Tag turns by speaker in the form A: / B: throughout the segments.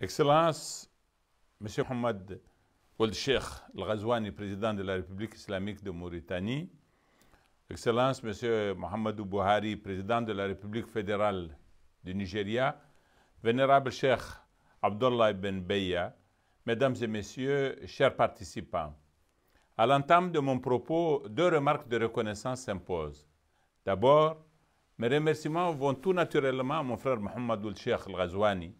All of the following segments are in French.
A: Excellence, Monsieur Mohamed Sheikh Ghazouani, président de la République islamique de Mauritanie, Excellence, Monsieur Mohamedou Bouhari, président de la République fédérale du Nigeria, Vénérable Cheikh Abdullah Ben Beya, Mesdames et Messieurs, chers participants, à l'entame de mon propos, deux remarques de reconnaissance s'imposent. D'abord, mes remerciements vont tout naturellement à mon frère Mohamed Ould Sheikh Ghazouani,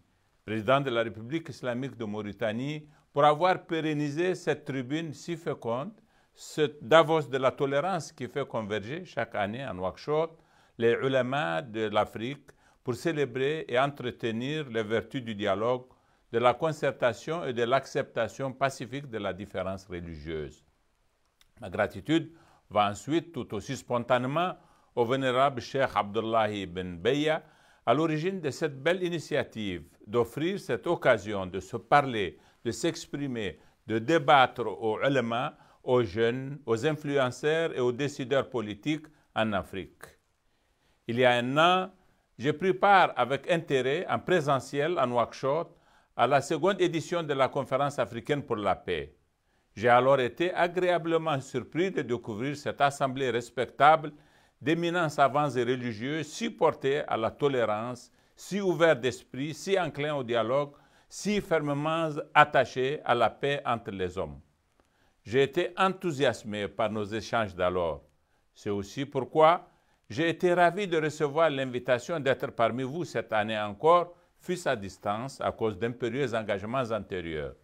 A: président de la République islamique de Mauritanie, pour avoir pérennisé cette tribune si féconde, ce Davos de la tolérance qui fait converger chaque année en Nouakchott les ulama de l'Afrique pour célébrer et entretenir les vertus du dialogue, de la concertation et de l'acceptation pacifique de la différence religieuse. Ma gratitude va ensuite tout aussi spontanément au vénérable Cheikh Abdullahi ibn Beya, à l'origine de cette belle initiative d'offrir cette occasion de se parler, de s'exprimer, de débattre aux ulama, aux jeunes, aux influenceurs et aux décideurs politiques en Afrique. Il y a un an, j'ai pris part avec intérêt en présentiel en workshop, à la seconde édition de la conférence africaine pour la paix. J'ai alors été agréablement surpris de découvrir cette assemblée respectable d'éminents savants et religieux si portés à la tolérance, si ouverts d'esprit, si enclins au dialogue, si fermement attachés à la paix entre les hommes. J'ai été enthousiasmé par nos échanges d'alors. C'est aussi pourquoi j'ai été ravi de recevoir l'invitation d'être parmi vous cette année encore, fût-ce à distance à cause d'impérieux engagements antérieurs.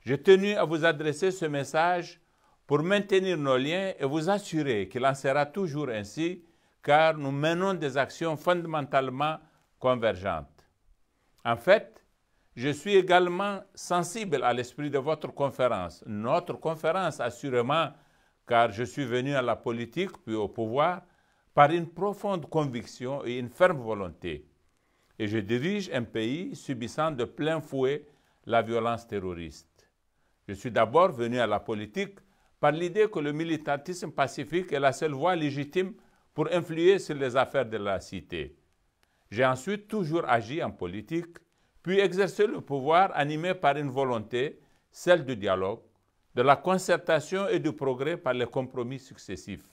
A: J'ai tenu à vous adresser ce message pour maintenir nos liens et vous assurer qu'il en sera toujours ainsi, car nous menons des actions fondamentalement convergentes. En fait, je suis également sensible à l'esprit de votre conférence, notre conférence assurément, car je suis venu à la politique puis au pouvoir par une profonde conviction et une ferme volonté. Et je dirige un pays subissant de plein fouet la violence terroriste. Je suis d'abord venu à la politique par l'idée que le militantisme pacifique est la seule voie légitime pour influer sur les affaires de la cité. J'ai ensuite toujours agi en politique, puis exercé le pouvoir animé par une volonté, celle du dialogue, de la concertation et du progrès par les compromis successifs.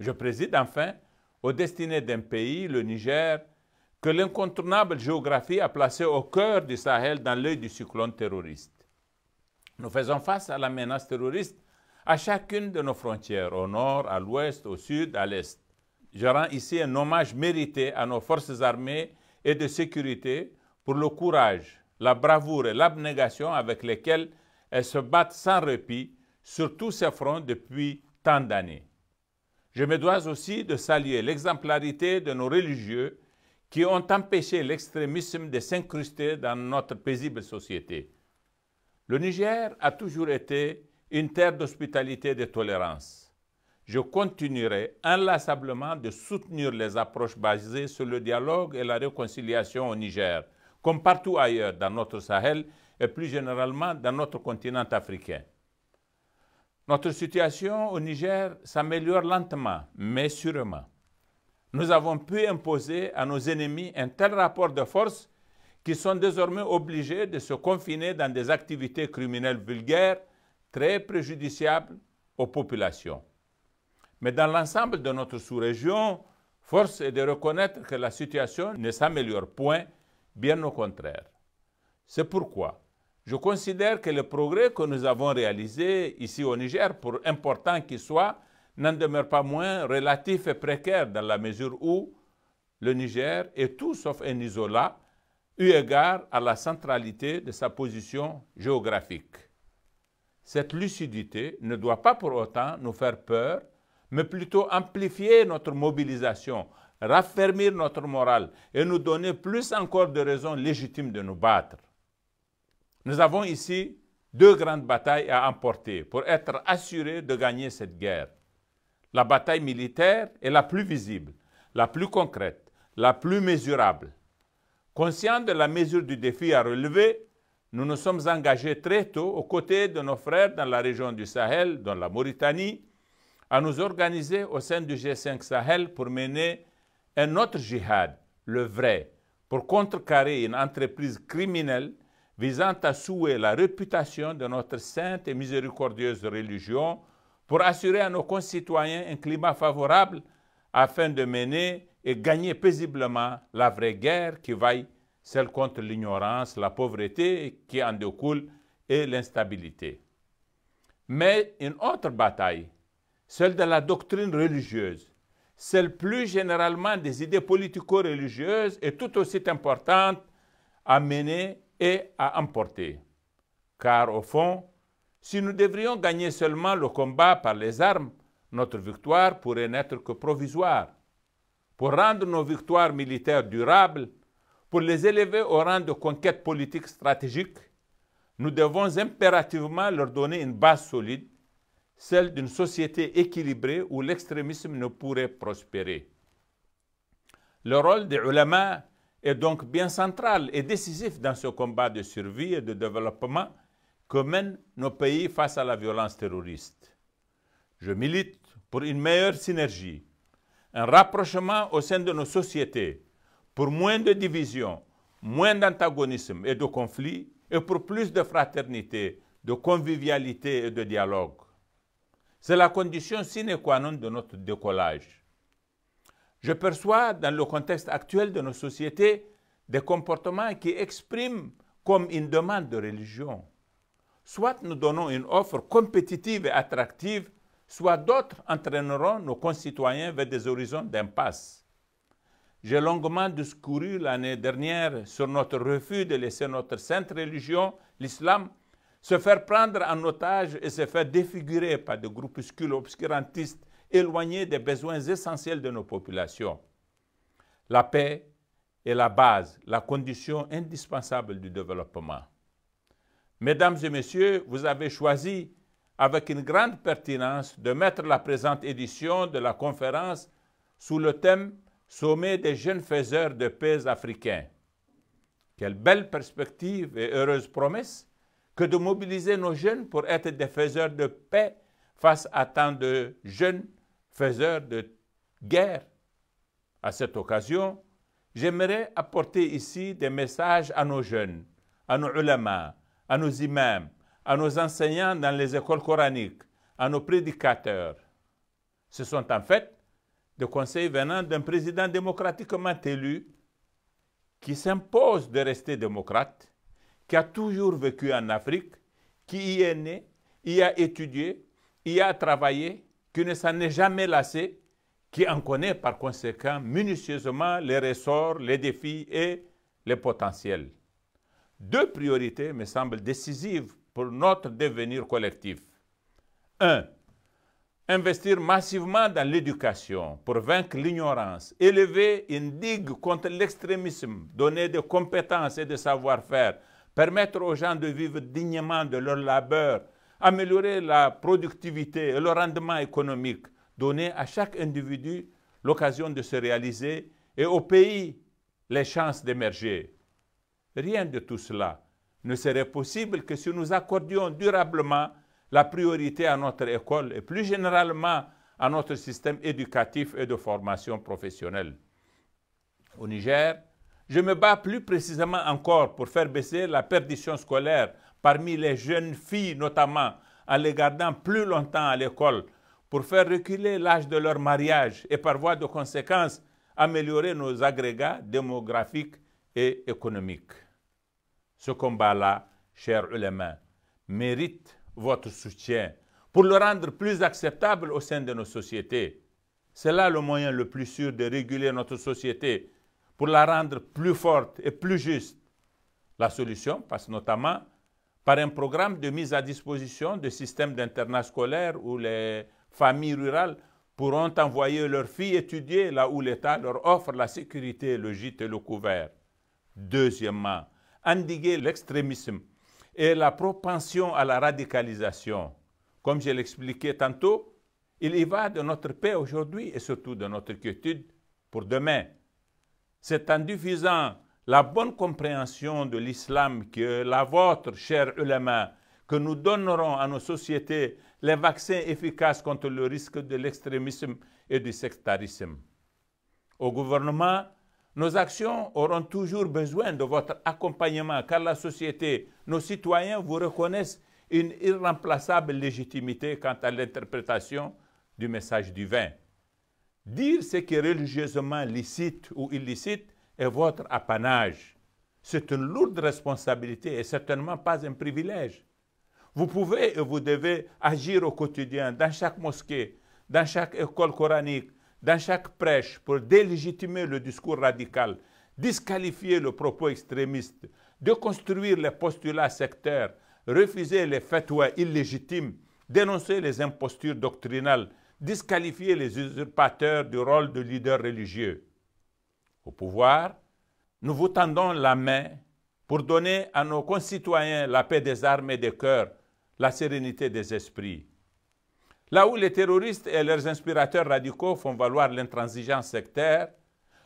A: Je préside enfin aux destinées d'un pays, le Niger, que l'incontournable géographie a placé au cœur du Sahel dans l'œil du cyclone terroriste. Nous faisons face à la menace terroriste à chacune de nos frontières, au nord, à l'ouest, au sud, à l'est. Je rends ici un hommage mérité à nos forces armées et de sécurité pour le courage, la bravoure et l'abnégation avec lesquelles elles se battent sans répit sur tous ces fronts depuis tant d'années. Je me dois aussi de saluer l'exemplarité de nos religieux qui ont empêché l'extrémisme de s'incruster dans notre paisible société. Le Niger a toujours été une terre d'hospitalité et de tolérance. Je continuerai inlassablement de soutenir les approches basées sur le dialogue et la réconciliation au Niger, comme partout ailleurs dans notre Sahel et plus généralement dans notre continent africain. Notre situation au Niger s'améliore lentement, mais sûrement. Nous avons pu imposer à nos ennemis un tel rapport de force qu'ils sont désormais obligés de se confiner dans des activités criminelles vulgaires très préjudiciable aux populations. Mais dans l'ensemble de notre sous-région, force est de reconnaître que la situation ne s'améliore point, bien au contraire. C'est pourquoi je considère que le progrès que nous avons réalisé ici au Niger, pour important qu'il soit, n'en demeure pas moins relatif et précaire dans la mesure où le Niger est tout sauf un isolat, eu égard à la centralité de sa position géographique. Cette lucidité ne doit pas pour autant nous faire peur, mais plutôt amplifier notre mobilisation, raffermir notre morale et nous donner plus encore de raisons légitimes de nous battre. Nous avons ici deux grandes batailles à emporter pour être assurés de gagner cette guerre. La bataille militaire est la plus visible, la plus concrète, la plus mesurable. Conscient de la mesure du défi à relever, nous nous sommes engagés très tôt aux côtés de nos frères dans la région du Sahel, dans la Mauritanie, à nous organiser au sein du G5 Sahel pour mener un autre jihad, le vrai, pour contrecarrer une entreprise criminelle visant à souhaiter la réputation de notre sainte et miséricordieuse religion, pour assurer à nos concitoyens un climat favorable afin de mener et gagner paisiblement la vraie guerre qui vaille celle contre l'ignorance, la pauvreté qui en découle et l'instabilité. Mais une autre bataille, celle de la doctrine religieuse, celle plus généralement des idées politico-religieuses est tout aussi importante à mener et à emporter. Car au fond, si nous devrions gagner seulement le combat par les armes, notre victoire pourrait n'être que provisoire. Pour rendre nos victoires militaires durables, pour les élever au rang de conquête politique stratégique, nous devons impérativement leur donner une base solide, celle d'une société équilibrée où l'extrémisme ne pourrait prospérer. Le rôle des ulama est donc bien central et décisif dans ce combat de survie et de développement que mènent nos pays face à la violence terroriste. Je milite pour une meilleure synergie, un rapprochement au sein de nos sociétés, pour moins de divisions, moins d'antagonisme et de conflits, et pour plus de fraternité, de convivialité et de dialogue. C'est la condition sine qua non de notre décollage. Je perçois dans le contexte actuel de nos sociétés des comportements qui expriment comme une demande de religion. Soit nous donnons une offre compétitive et attractive, soit d'autres entraîneront nos concitoyens vers des horizons d'impasse. J'ai longuement discouru l'année dernière sur notre refus de laisser notre sainte religion, l'islam, se faire prendre en otage et se faire défigurer par des groupuscules obscurantistes éloignés des besoins essentiels de nos populations. La paix est la base, la condition indispensable du développement. Mesdames et messieurs, vous avez choisi avec une grande pertinence de mettre la présente édition de la conférence sous le thème Sommet des jeunes faiseurs de paix africains. Quelle belle perspective et heureuse promesse que de mobiliser nos jeunes pour être des faiseurs de paix face à tant de jeunes faiseurs de guerre. À cette occasion, j'aimerais apporter ici des messages à nos jeunes, à nos ulama, à nos imams, à nos enseignants dans les écoles coraniques, à nos prédicateurs. Ce sont en fait le conseil venant d'un président démocratiquement élu qui s'impose de rester démocrate, qui a toujours vécu en Afrique, qui y est né, y a étudié, y a travaillé, qui ne s'en est jamais lassé, qui en connaît par conséquent minutieusement les ressorts, les défis et les potentiels. Deux priorités me semblent décisives pour notre devenir collectif. 1 investir massivement dans l'éducation pour vaincre l'ignorance, élever une digue contre l'extrémisme, donner des compétences et des savoir-faire, permettre aux gens de vivre dignement de leur labeur, améliorer la productivité et le rendement économique, donner à chaque individu l'occasion de se réaliser et au pays les chances d'émerger. Rien de tout cela ne serait possible que si nous accordions durablement la priorité à notre école et plus généralement à notre système éducatif et de formation professionnelle. Au Niger, je me bats plus précisément encore pour faire baisser la perdition scolaire parmi les jeunes filles notamment en les gardant plus longtemps à l'école, pour faire reculer l'âge de leur mariage et par voie de conséquence améliorer nos agrégats démographiques et économiques. Ce combat-là, chers ulema, mérite votre soutien pour le rendre plus acceptable au sein de nos sociétés. C'est là le moyen le plus sûr de réguler notre société pour la rendre plus forte et plus juste. La solution passe notamment par un programme de mise à disposition de systèmes d'internat scolaire où les familles rurales pourront envoyer leurs filles étudier là où l'État leur offre la sécurité, le gîte et le couvert. Deuxièmement, endiguer l'extrémisme et la propension à la radicalisation. Comme je l'expliquais tantôt, il y va de notre paix aujourd'hui et surtout de notre quiétude pour demain. C'est en diffusant la bonne compréhension de l'islam que la vôtre, cher ulama, que nous donnerons à nos sociétés les vaccins efficaces contre le risque de l'extrémisme et du sectarisme. Au gouvernement, nos actions auront toujours besoin de votre accompagnement car la société, nos citoyens vous reconnaissent une irremplaçable légitimité quant à l'interprétation du message divin. Dire ce qui est religieusement licite ou illicite est votre apanage. C'est une lourde responsabilité et certainement pas un privilège. Vous pouvez et vous devez agir au quotidien, dans chaque mosquée, dans chaque école coranique, dans chaque prêche pour délégitimer le discours radical, disqualifier le propos extrémiste, déconstruire les postulats sectaires, refuser les fatwas illégitimes, dénoncer les impostures doctrinales, disqualifier les usurpateurs du rôle de leader religieux. Au pouvoir, nous vous tendons la main pour donner à nos concitoyens la paix des armes et des cœurs, la sérénité des esprits. Là où les terroristes et leurs inspirateurs radicaux font valoir l'intransigeance sectaire,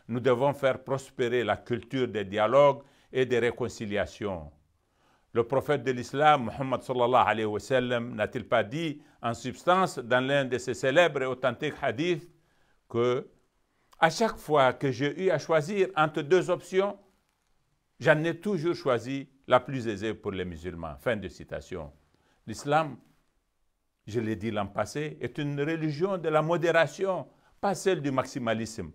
A: nous devons faire prospérer la culture des dialogues et des réconciliations. Le prophète de l'islam, Muhammad sallallahu alayhi wa sallam, n'a-t-il pas dit en substance dans l'un de ses célèbres et authentiques hadiths que à chaque fois que j'ai eu à choisir entre deux options, j'en ai toujours choisi la plus aisée pour les musulmans. Fin de citation. L'islam je l'ai dit l'an passé, est une religion de la modération, pas celle du maximalisme.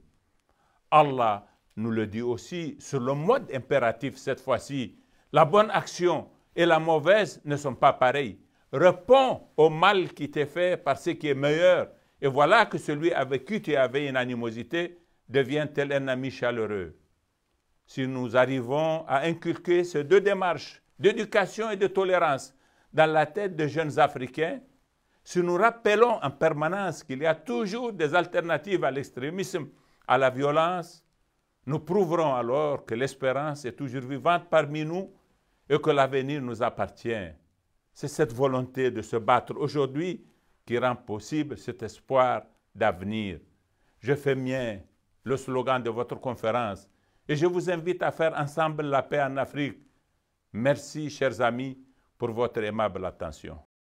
A: Allah nous le dit aussi sur le mode impératif cette fois-ci. La bonne action et la mauvaise ne sont pas pareilles. Réponds au mal qui t'est fait par ce qui est meilleur. Et voilà que celui avec qui tu avais une animosité devient tel un ami chaleureux. Si nous arrivons à inculquer ces deux démarches d'éducation et de tolérance dans la tête des jeunes Africains, si nous rappelons en permanence qu'il y a toujours des alternatives à l'extrémisme, à la violence, nous prouverons alors que l'espérance est toujours vivante parmi nous et que l'avenir nous appartient. C'est cette volonté de se battre aujourd'hui qui rend possible cet espoir d'avenir. Je fais mien le slogan de votre conférence et je vous invite à faire ensemble la paix en Afrique. Merci, chers amis, pour votre aimable attention.